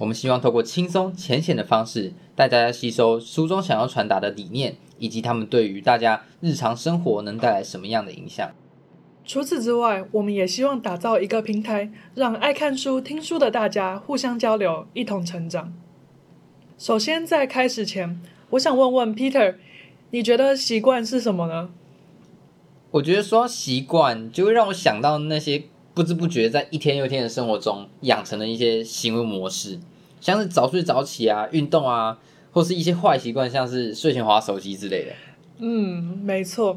我們希望透過輕鬆淺顯的方式，帶大家吸收書中想要傳達的理念，以及他們對於大家日常生活能帶來什麼樣的影響。除此之外，我們也希望打造一個平台，讓愛看書、聽書的大家互相交流，一同成長。首先，在開始前，我想問問 Peter，你覺得習慣是什麼呢？我覺得說習慣，就會讓我想到那些。不知不覺，在一天又一天的生活中，養成了一些行為模式，像是早睡早起啊、運動啊，或是一些壞習慣，像是睡前滑手機之類的。嗯，沒錯。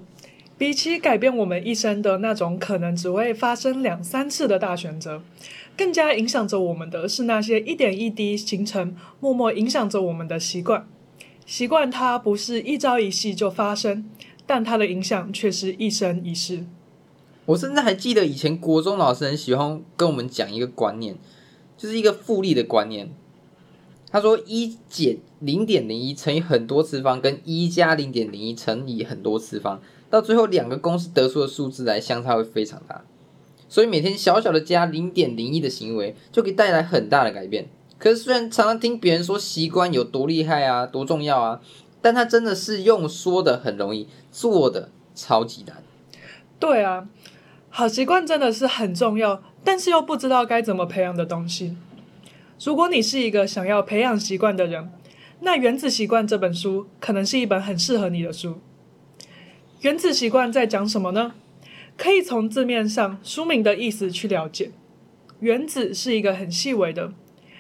比起改變我們一生的那種可能只會發生兩三次的大選擇，更加影響着我們的是那些一點一滴形成、默默影響着我們的習慣。習慣它不是一朝一夕就發生，但它的影響卻是一生一世。我甚至還記得以前國中老師很喜歡跟我們講一個觀念，就是一個複利的觀念。他說一減零點零一乘以很多次方，跟一加零點零一乘以很多次方，到最後兩個公式得出的數字來相差會非常大。所以每天小小的加零點零一的行為，就可以帶來很大的改變。可是雖然常常聽別人說習慣有多厲害啊，多重要啊，但他真的是用說的很容易，做的超級難。對啊。好習慣真的是很重要，但是又不知道該怎麼培養的東西。如果你是一個想要培養習慣的人，那《原子習慣》這本書可能是一本很適合你的書。《原子習慣》在講什麼呢？可以從字面上書名的意思去了解。原子是一個很細微的，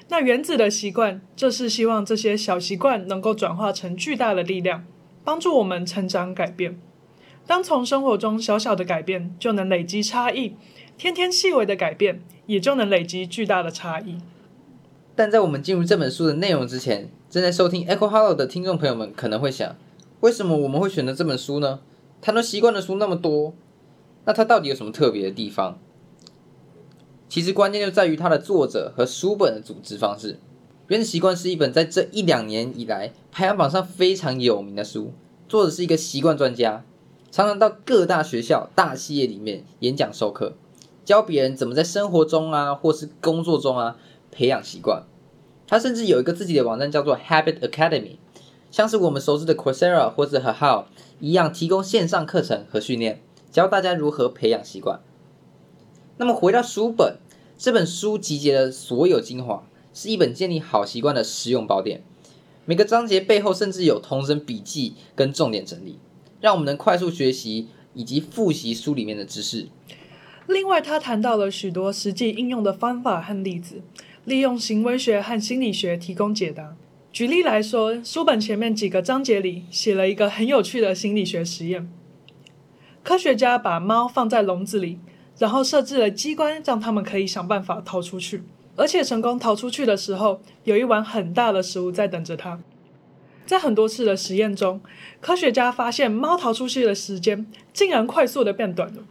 那原子的習慣就是希望這些小習慣能夠轉化成巨大的力量，幫助我們成長改變。當從生活中小小的改變就能累積差異，天天細微的改變也就能累積巨大的差異。但在我們進入這本書的內容之前，正在收聽《Echo Hollow》的聽眾朋友們可能會想：為什麼我們會選擇這本書呢？談到習慣的書那麼多，那它到底有什麼特別的地方？其實關鍵就在於它的作者和書本的組織方式。《原子習慣》是一本在這一兩年以來排行榜上非常有名的書，作者是一個習慣專家。常常到各大學校、大企業裡面演講授課，教別人怎麼在生活中啊，或是工作中啊培養習慣。他甚至有一個自己的網站，叫做 Habit Academy，像是我們熟知的 Coursera 或是 Hahow 一樣，提供線上課程和訓練，教大家如何培養習慣。那麼回到書本，這本書集結了所有精華，是一本建立好習慣的實用寶典。每個章節背後甚至有同人筆記跟重點整理。讓我們能快速學習以及複習書裡面的知識。另外，他談到了許多實際應用的方法和例子，利用行為學和心理學提供解答。舉例來說，書本前面幾個章節裡寫了一個很有趣的心理學實驗：科學家把貓放在籠子裡，然後設置了機關，讓它們可以想辦法逃出去，而且成功逃出去的時候，有一碗很大的食物在等着它。在很多次的實驗中，科學家發現貓逃出去的時間竟然快速的變短了。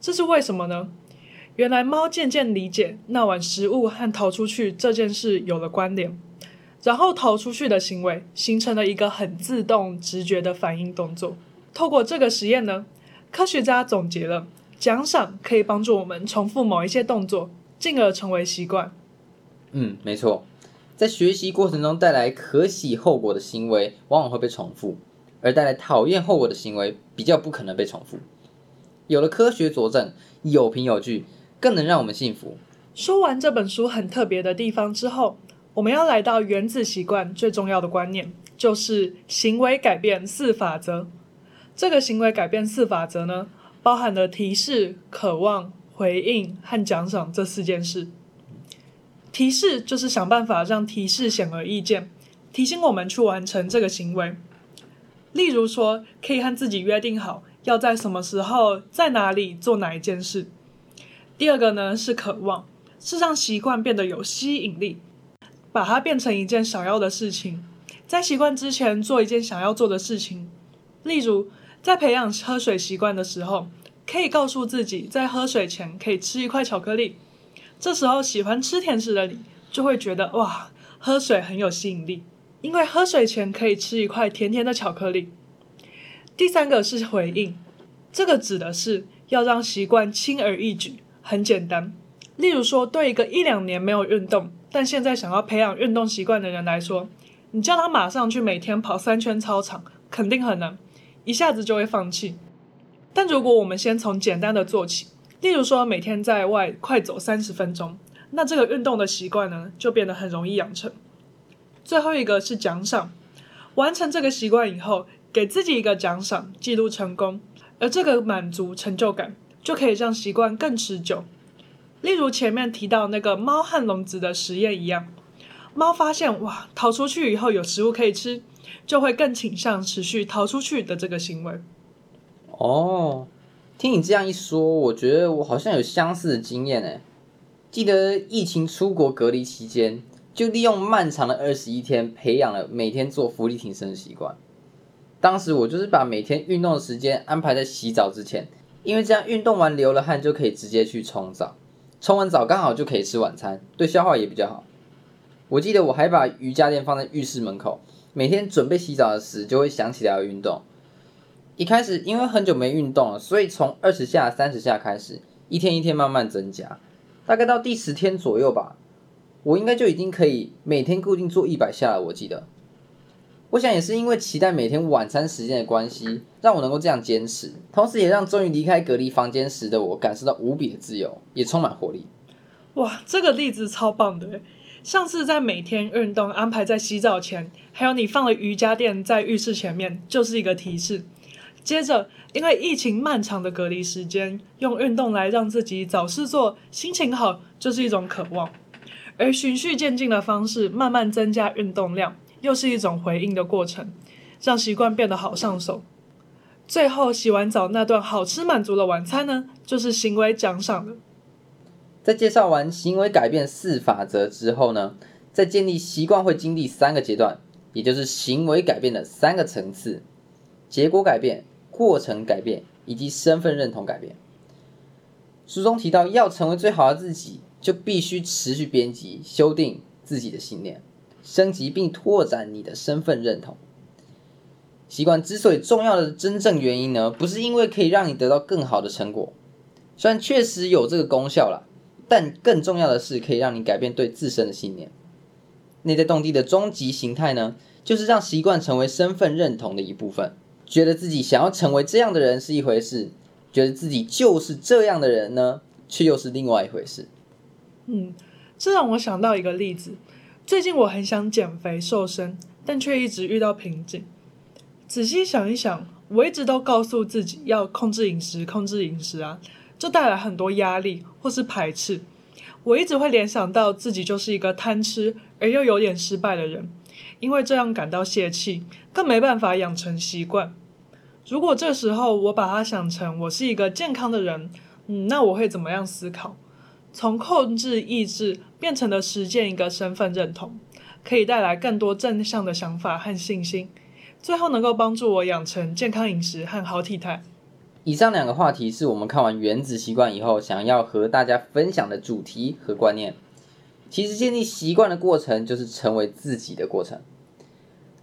這是為什麼呢？原來貓漸漸理解那碗食物和逃出去這件事有了關聯，然後逃出去的行為形成了一個很自動直覺的反應動作。透過這個實驗呢，科學家總結了獎賞可以幫助我們重複某一些動作，進而成為習慣。嗯，沒錯。在學習過程中帶來可喜後果的行為，往往會被重複；而帶來討厭後果的行為，比較不可能被重複。有了科學佐證，有憑有據，更能讓我們信服。說完這本書很特別的地方之後，我們要來到《原子習慣》最重要的觀念，就是行為改變四法則。這個行為改變四法則呢，包含了提示、渴望、回應和獎賞、這四件事。提示就是想辦法讓提示顯而易見，提醒我們去完成這個行為。例如說，可以和自己約定好要在什麼時候、在哪裡做哪一件事。第二個呢，是渴望，是讓習慣變得有吸引力，把它變成一件想要的事情，在習慣之前做一件想要做的事情。例如，在培養喝水習慣的時候，可以告訴自己在喝水前可以吃一塊巧克力。這時候喜歡吃甜食的你就會覺得哇，喝水很有吸引力，因為喝水前可以吃一塊甜甜的巧克力。第三個是回應，這個指的是要讓習慣輕而易舉，很簡單。例如說，對一個一兩年沒有運動，但現在想要培養運動習慣的人來說，你叫他馬上去每天跑三圈操場，肯定很難，一下子就會放棄。但如果我們先從簡單的做起。例如說，每天在外快走三十分鐘，那這個運動的習慣呢，就變得很容易養成。最後一個是獎賞，完成這個習慣以後，給自己一個獎賞，記錄成功，而這個滿足成就感，就可以讓習慣更持久。例如前面提到那個貓和籠子的實驗一樣，貓發現哇，逃出去以後有食物可以吃，就會更傾向持續逃出去的這個行為。哦。Oh. 聽你這樣一說，我覺得我好像有相似的經驗哎。記得疫情出國隔離期間，就利用漫長的二十一天，培養了每天做伏地挺身的習慣。當時我就是把每天運動的時間安排在洗澡之前，因為這樣運動完流了汗就可以直接去沖澡，沖完澡剛好就可以吃晚餐，對消化也比較好。我記得我還把瑜伽墊放在浴室門口，每天準備洗澡的時候就會想起來要運動。一開始因為很久沒運動了，所以從二十下、三十下開始，一天一天慢慢增加，大概到第十天左右吧，我應該就已經可以每天固定做一百下了。我記得，我想也是因為期待每天晚餐時間的關係，讓我能夠這樣堅持，同時也讓終於離開隔離房間時的我感受到無比的自由，也充滿活力。哇，這個例子超棒的！像是在每天運動安排在洗澡前，還有你放了瑜伽墊在浴室前面，就是一個提示。接着，因為疫情漫長的隔離時間，用運動來讓自己找事做，心情好就是一種渴望；而循序漸進的方式，慢慢增加運動量，又是一種回應的過程，讓習慣變得好上手。最後，洗完澡那頓好吃滿足的晚餐呢，就是行為獎賞了。在介紹完行為改變四法則之後呢，在建立習慣會經歷三個階段，也就是行為改變的三個層次：結果改變。過程改變以及身份認同改變。書中提到，要成為最好的自己，就必須持續編輯、修訂自己的信念，升級並拓展你的身份認同。習慣之所以重要的真正原因呢，不是因為可以讓你得到更好的成果，雖然確實有這個功效啦，但更重要的是可以讓你改變對自身的信念。內在動機的終極形態呢，就是讓習慣成為身份認同的一部分。覺得自己想要成為這樣的人是一回事，覺得自己就是這樣的人呢，卻又是另外一回事。嗯，這讓我想到一個例子。最近我很想減肥瘦身，但卻一直遇到瓶頸。仔細想一想，我一直都告訴自己要控制飲食，控制飲食啊，這帶來很多壓力或是排斥。我一直會聯想到自己就是一個貪吃而又有點失敗的人，因為這樣感到泄氣，更沒辦法養成習慣。如果這時候我把它想成我是一個健康的人，嗯，那我會怎麼樣思考？從控制意志變成了實踐一個身份認同，可以帶來更多正向的想法和信心，最後能夠幫助我養成健康飲食和好體態。以上兩個話題是我們看完《原子習慣》以後想要和大家分享的主題和觀念。其實建立習慣的過程就是成為自己的過程。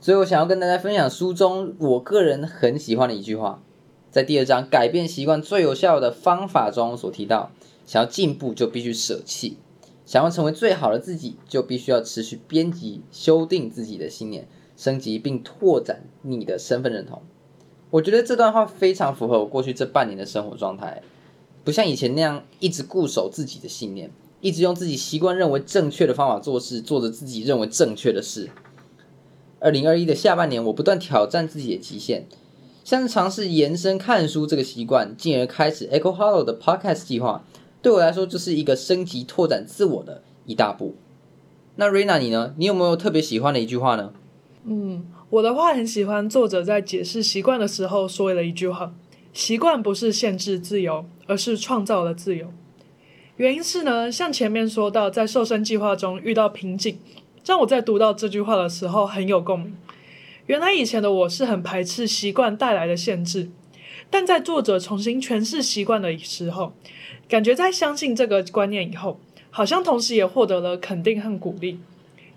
所以我想要跟大家分享書中我個人很喜歡的一句話，在第二章改變習慣最有效的方法中我所提到：想要進步就必須捨棄，想要成為最好的自己，就必須要持續編輯、修訂自己的信念，升級並拓展你的身份認同。我覺得這段話非常符合我過去這半年的生活狀態，不像以前那樣一直固守自己的信念，一直用自己習慣認為正確的方法做事，做着自己認為正確的事。二零二一的下半年，我不斷挑戰自己的極限，像是嘗試延伸看書這個習慣，進而開始 Echo Hollow 的 podcast 計劃。對我來說，這是一個升級、拓展自我的一大步。那 r e n a 你呢？你有沒有特別喜歡的一句話呢？嗯，我的話很喜歡作者在解釋習慣的時候說的一句話：習慣不是限制自由，而是創造了自由。原因是呢，像前面說到，在瘦身計劃中遇到瓶頸。讓我在讀到這句話的時候很有共鳴。原來以前的我是很排斥習慣帶來的限制，但在作者重新詮釋習慣的時候，感覺在相信這個觀念以後，好像同時也獲得了肯定和鼓勵，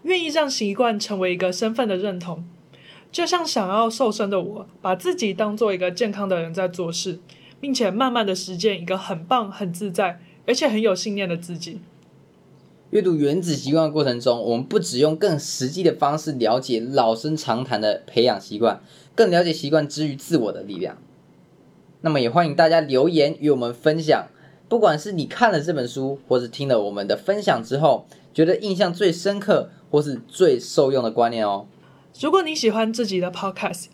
願意讓習慣成為一個身份的認同。就像想要瘦身的我，把自己當做一個健康的人在做事，並且慢慢地實踐一個很棒、很自在，而且很有信念的自己。閱讀原子習慣過程中，我們不只用更實際的方式了解老生常談的培養習慣，更了解習慣之於自我的力量。那麼，也歡迎大家留言與我們分享，不管是你看了這本書，或是聽了我們的分享之後，覺得印象最深刻或是最受用的觀念哦。如果你喜歡自己的 Podcast，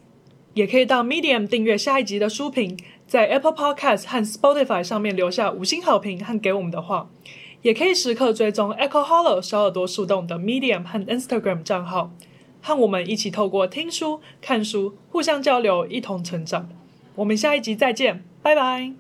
也可以到 Medium 訂閱下一集的書評，在 Apple Podcast 和 Spotify 上面留下五星好評和給我們的話。也可以時刻追蹤 Echo Hollow 小耳朵樹洞的 Medium 和 Instagram 賬號，和我們一起透過聽書、看書，互相交流，一同成長。我們下一集再見，拜拜。